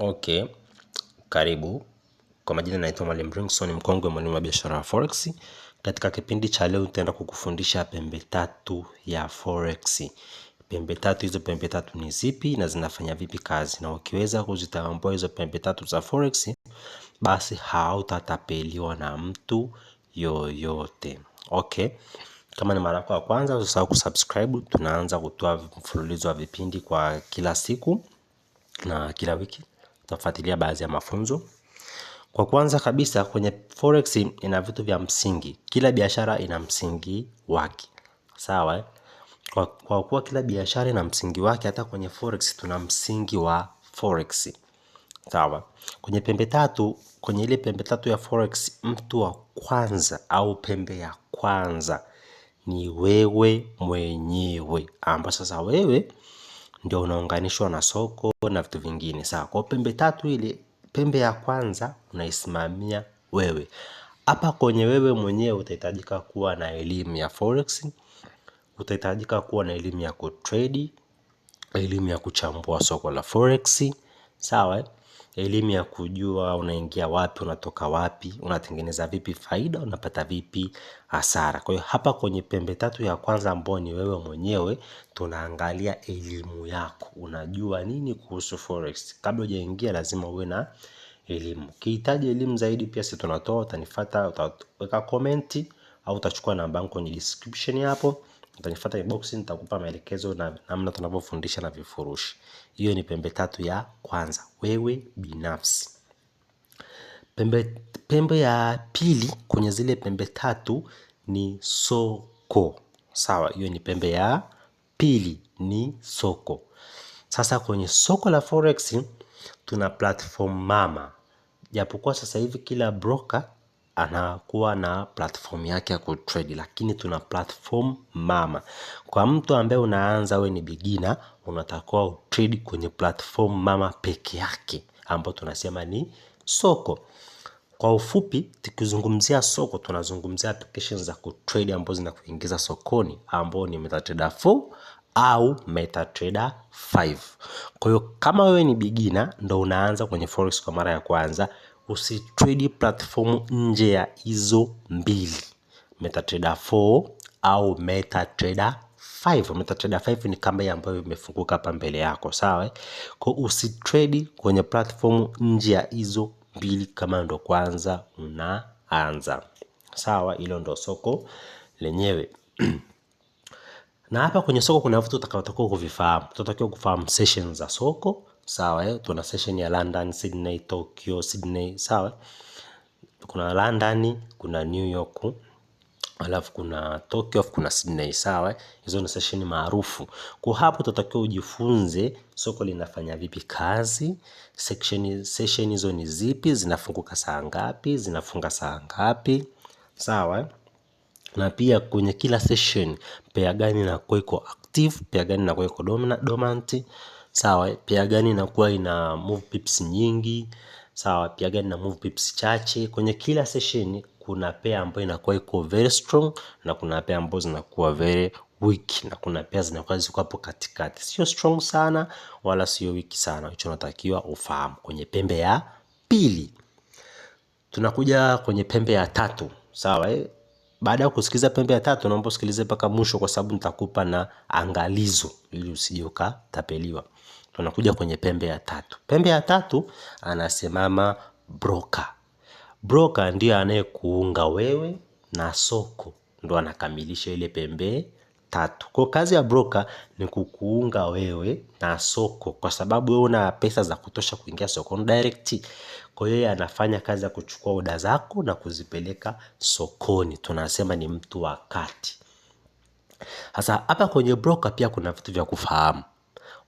Okay, karibu. Kwa majina naitwa Mwalimu Ringson Mkongwe, mwalimu wa biashara ya Forex. Katika kipindi cha leo nitaenda kukufundisha pembe tatu ya Forex. Pembe tatu hizo, pembe tatu ni zipi na zinafanya vipi kazi? Na ukiweza kuzitambua hizo pembe tatu za Forex, basi hautatapeliwa na mtu yoyote. Okay. Kama ni mara yako ya kwanza, usisahau kusubscribe. Tunaanza kutoa mfululizo wa vipindi kwa kila siku na kila wiki tutafuatilia baadhi ya mafunzo. Kwa kwanza kabisa, kwenye forex ina vitu vya msingi. Kila biashara ina msingi wake, sawa. Eh? Kwa, kwa kuwa kila biashara ina msingi wake, hata kwenye forex tuna msingi wa forex, sawa. Kwenye pembe tatu, kwenye ile pembe tatu ya forex, mtu wa kwanza au pembe ya kwanza ni wewe mwenyewe, ambapo sasa wewe ndio unaunganishwa na soko na vitu vingine sawa kwa pembe tatu ile pembe ya kwanza unaisimamia wewe hapa kwenye wewe mwenyewe utahitajika kuwa na elimu ya forex utahitajika kuwa na elimu ya kutredi elimu ya kuchambua soko la forex sawa elimu ya kujua unaingia wapi, unatoka wapi, unatengeneza vipi faida, unapata vipi hasara. Kwa hiyo hapa kwenye pembe tatu ya kwanza ambayo ni wewe mwenyewe, tunaangalia elimu yako, unajua nini kuhusu forex. Kabla hujaingia lazima uwe na elimu. Ukihitaji elimu zaidi, pia si tunatoa, utanifuata, utaweka komenti au utachukua namba yangu kwenye description hapo utanifuata inbox, nitakupa maelekezo na namna tunavyofundisha na vifurushi. Hiyo ni pembe tatu ya kwanza, wewe binafsi. Pembe, pembe ya pili kwenye zile pembe tatu ni soko. Sawa, hiyo ni pembe ya pili, ni soko. Sasa kwenye soko la forex tuna platform mama, japokuwa sasa hivi kila broker anakuwa na platform yake ya kutrade, lakini tuna platform mama. Kwa mtu ambaye unaanza, we ni beginner, unatakiwa utrade kwenye platform mama peke yake ambayo tunasema ni soko. Kwa ufupi, tukizungumzia soko tunazungumzia applications za kutrade ambazo zinakuingiza sokoni ambao ni MetaTrader 4 au MetaTrader 5. Kwa hiyo kama wewe ni beginner ndo unaanza kwenye forex kwa mara ya kwanza, usitredi platform nje ya hizo mbili, MetaTrader 4 au MetaTrader 5. MetaTrader 5 ni kamba ambayo imefunguka hapa mbele yako, sawa? Eh? Kwa usitredi kwenye platform nje ya hizo mbili kama ndo kwanza unaanza, sawa? Hilo ndo soko lenyewe na hapa kwenye soko kuna vitu utakavyotakiwa kuvifahamu. Tutatakiwa kufahamu sessions za soko sawa eh? tuna session ya London, Sydney, Tokyo, Sydney, sawa. Kuna London, kuna New York, alafu kuna Tokyo, alafu kuna Sydney, sawa. Hizo ni session maarufu. Kwa hapo utatakiwa ujifunze soko linafanya vipi kazi, section session hizo ni zipi, zinafunguka saa ngapi, zinafunga saa ngapi, sawa na pia kwenye kila session pair gani na iko active, pair gani inakuwa iko dominant Sawa, pia gani inakuwa ina move pips nyingi. Sawa, pia gani ina move pips chache. Kwenye kila session kuna pair ambayo inakuwa iko very strong na kuna pair ambazo zinakuwa very weak na kuna pair zinakuwa ziko hapo katikati. Sio strong sana wala sio weak sana. Hicho unatakiwa ufahamu kwenye pembe ya pili. Tunakuja kwenye pembe ya tatu. Sawa, eh? Baada ya kusikiliza pembe ya tatu, naomba usikilize mpaka mwisho, kwa sababu nitakupa na angalizo ili usije ukatapeliwa. Tunakuja kwenye pembe ya tatu. Pembe ya tatu anasimama broker. Broker ndiye anayekuunga wewe na soko ndo anakamilisha ile pembe tatu. Kwa kazi ya broker ni kukuunga wewe na soko kwa sababu wewe una pesa za kutosha kuingia sokoni direct. Kwa hiyo anafanya kazi ya kuchukua oda zako na kuzipeleka sokoni. Tunasema ni mtu wa kati. Sasa hapa kwenye broker pia kuna vitu vya kufahamu.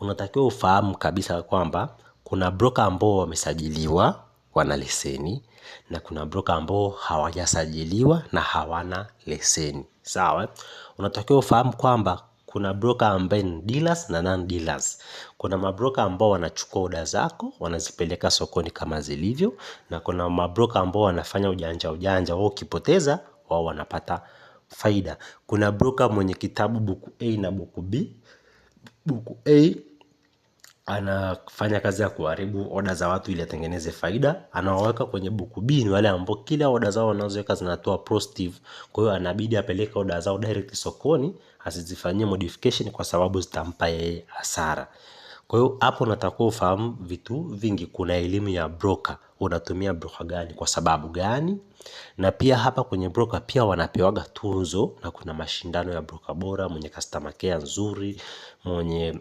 Unatakiwa ufahamu kabisa kwamba kuna broker ambao wamesajiliwa wana leseni na kuna broker ambao hawajasajiliwa na hawana leseni sawa, eh? unatakiwa ufahamu kwamba kuna broker ambaye ni dealers na non dealers. Kuna mabroka ambao wanachukua oda zako wanazipeleka sokoni kama zilivyo, na kuna mabroka ambao wanafanya ujanja ujanja, wao ukipoteza wao wanapata faida. Kuna broker mwenye kitabu buku A na buku B. Buku A anafanya kazi ya kuharibu oda za watu ili atengeneze faida. Anawaweka kwenye buku B ni wale ambao kila oda zao wanazoweka zinatoa positive, kwa hiyo anabidi apeleke oda zao direct sokoni, asizifanyie modification kwa sababu zitampa yeye hasara. Kwa hiyo hapo unatakiwa ufahamu vitu vingi. Kuna elimu ya broker, unatumia broker gani kwa sababu gani, na pia hapa kwenye broker pia wanapewaga tunzo na kuna mashindano ya broker bora, mwenye customer care nzuri, mwenye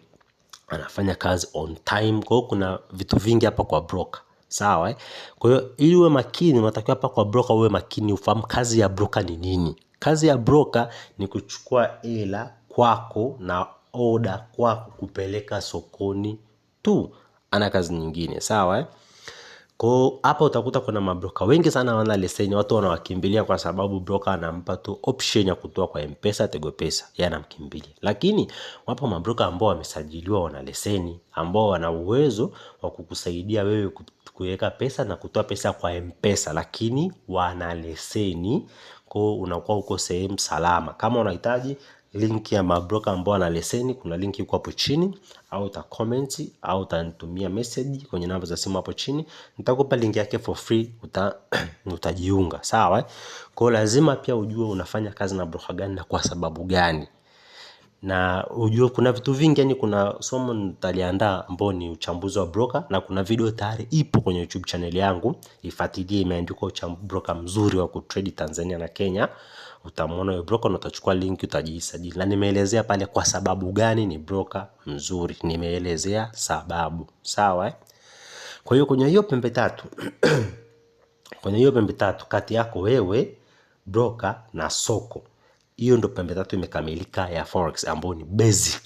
anafanya kazi on time. Kwa hiyo kuna vitu vingi hapa kwa broker sawa eh? Kwa hiyo ili uwe makini, unatakiwa hapa kwa broker uwe makini, ufahamu kazi ya broker ni nini. Kazi ya broker ni kuchukua hela kwako na oda kwako kupeleka sokoni tu, ana kazi nyingine sawa eh? Kwa hapa utakuta kuna mabroka wengi sana wana leseni, watu wanawakimbilia kwa sababu broka anampa tu option ya kutoa kwa Mpesa, Tego Pesa, yeye anamkimbilia. Lakini wapo mabroka ambao wamesajiliwa, wana leseni, ambao wana uwezo wa kukusaidia wewe kuweka pesa na kutoa pesa kwa Mpesa, lakini wana leseni. Kwa unakuwa uko sehemu salama. Kama unahitaji linki ya mabroka ambao ana leseni. Kuna linki iko hapo chini, au uta comment au utanitumia message kwenye namba za simu hapo chini, nitakupa linki yake for free, uta utajiunga. Sawa, kwa lazima pia ujue unafanya kazi na broka gani na kwa sababu gani na ujue kuna vitu vingi yani kuna somo nitaliandaa ambao ni uchambuzi wa broker na kuna video tayari ipo kwenye youtube channel yangu ifuatilie imeandikwa broker mzuri wa kutrade tanzania na kenya utamwona yule broker na utachukua link utajisajili na nimeelezea pale kwa sababu gani ni broker mzuri nimeelezea sababu sawa eh? kwa hiyo kwenye hiyo pembe tatu kwenye hiyo pembe tatu kati yako wewe broker na soko hiyo ndo pembe tatu imekamilika ya forex ambayo ni basic.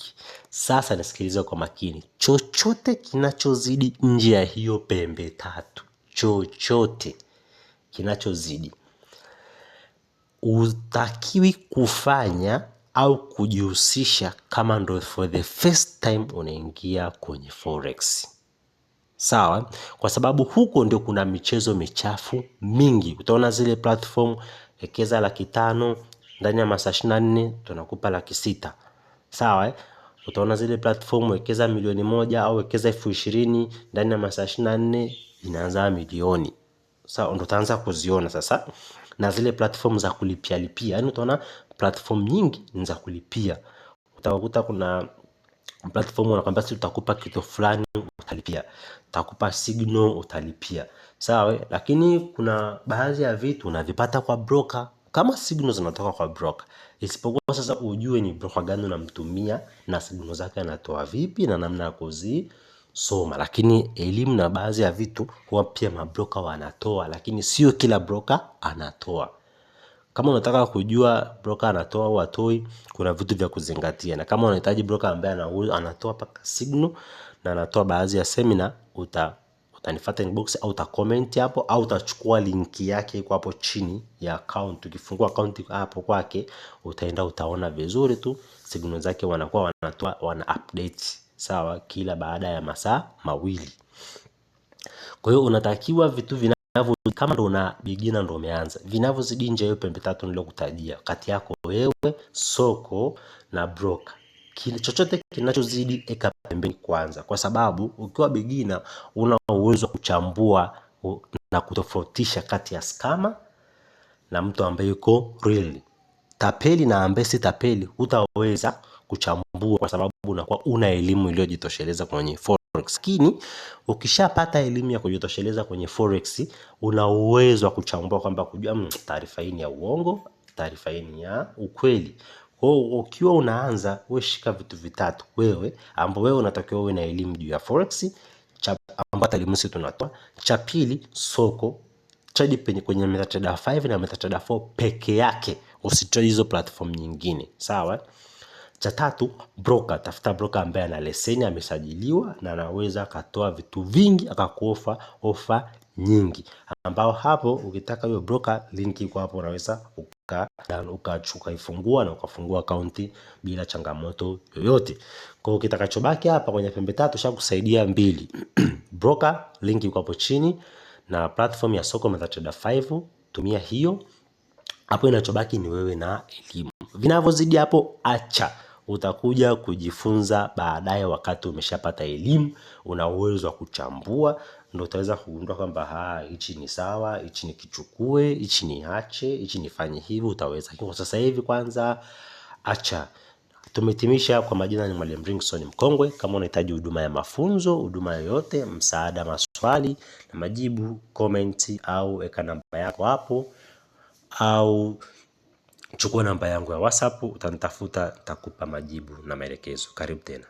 Sasa nisikilize kwa makini, chochote kinachozidi nje ya hiyo pembe tatu, chochote kinachozidi hutakiwi kufanya au kujihusisha kama ndo for the first time unaingia kwenye forex. Sawa, kwa sababu huko ndio kuna michezo michafu mingi. Utaona zile platform wekeza laki tano ndani ya masaa ishirini na nne tunakupa laki sita sawa eh? Utaona zile platform wekeza milioni moja au wekeza elfu ishirini ndani ya masaa ishirini na nne inaanza milioni sawa, ndo utaanza kuziona sasa, na zile platform za kulipia lipia, yani utaona platform nyingi ni za kulipia. Utakuta kuna platform wanakwambia sisi tutakupa kitu fulani utalipia, tutakupa signal utalipia, sawa. Eh? Lakini kuna baadhi ya vitu unavipata kwa broker kama signal zinatoka kwa broker, isipokuwa sasa ujue ni broker gani unamtumia na signal zake anatoa vipi na namna ya kuzisoma. Lakini elimu na baadhi ya vitu huwa pia mabroker wanatoa, lakini sio kila broker anatoa. Kama unataka kujua broker anatoa au atoi, kuna vitu vya kuzingatia, na kama unahitaji broker ambaye anatoa paka signal na anatoa baadhi ya seminar uta utanifata inbox au utacomment hapo au utachukua linki yake iko hapo chini ya account. Ukifungua account hapo kwake, utaenda utaona vizuri tu signal zake wanakuwa wanatoa, wana update sawa, kila baada ya masaa mawili. Kwa hiyo unatakiwa vitu vinavyo kama ndo una beginner ndo umeanza, vinavyozidi nje hiyo pembe tatu nilokutajia, kati yako wewe, soko na broker kile chochote kinachozidi eka pembeni kwanza, kwa sababu ukiwa beginner una uwezo wa kuchambua na kutofautisha kati ya skama na mtu ambaye yuko real. Tapeli na ambaye si tapeli hutaweza kuchambua, kwa sababu unakuwa una elimu iliyojitosheleza kwenye forex. Lakini ukishapata elimu ya kujitosheleza kwenye forex, una uwezo wa kuchambua kwamba kujua hmm, taarifa hii ni ya uongo, taarifa hii ni ya ukweli kwao ukiwa unaanza wewe shika vitu vitatu wewe ambao wewe unatakiwa uwe na elimu juu ya forex ambayo elimu sisi tunatoa. Cha pili soko trade penye kwenye MetaTrader 5 na MetaTrader 4 peke yake, usitrade hizo platform nyingine, sawa. Cha tatu broker, tafuta broker ambaye ana leseni, amesajiliwa na anaweza akatoa vitu vingi akakuofa ofa nyingi, ambao hapo ukitaka hiyo broker link iko hapo, unaweza ukaifungua na ukafungua akaunti bila changamoto yoyote. Kwa hiyo kitakachobaki hapa kwenye pembe tatu shakusaidia mbili broker link iko hapo chini na platform ya soko Method Trader 5 tumia hiyo hapo. Inachobaki ni wewe na elimu, vinavyozidi hapo acha utakuja kujifunza baadaye. Wakati umeshapata elimu, una uwezo wa kuchambua ndo utaweza kugundua kwamba hichi ni sawa, hichi nikichukue, hichi ni ache hichi nifanye hivi, utaweza. Kwa sasa hivi kwanza acha Tumehitimisha. Kwa majina ni Mwalimu Ringson Mkongwe. Kama unahitaji huduma ya mafunzo, huduma yoyote, msaada, maswali na majibu, comment au weka namba yako hapo, au chukua namba yangu ya WhatsApp, utanitafuta, nitakupa majibu na maelekezo. Karibu tena.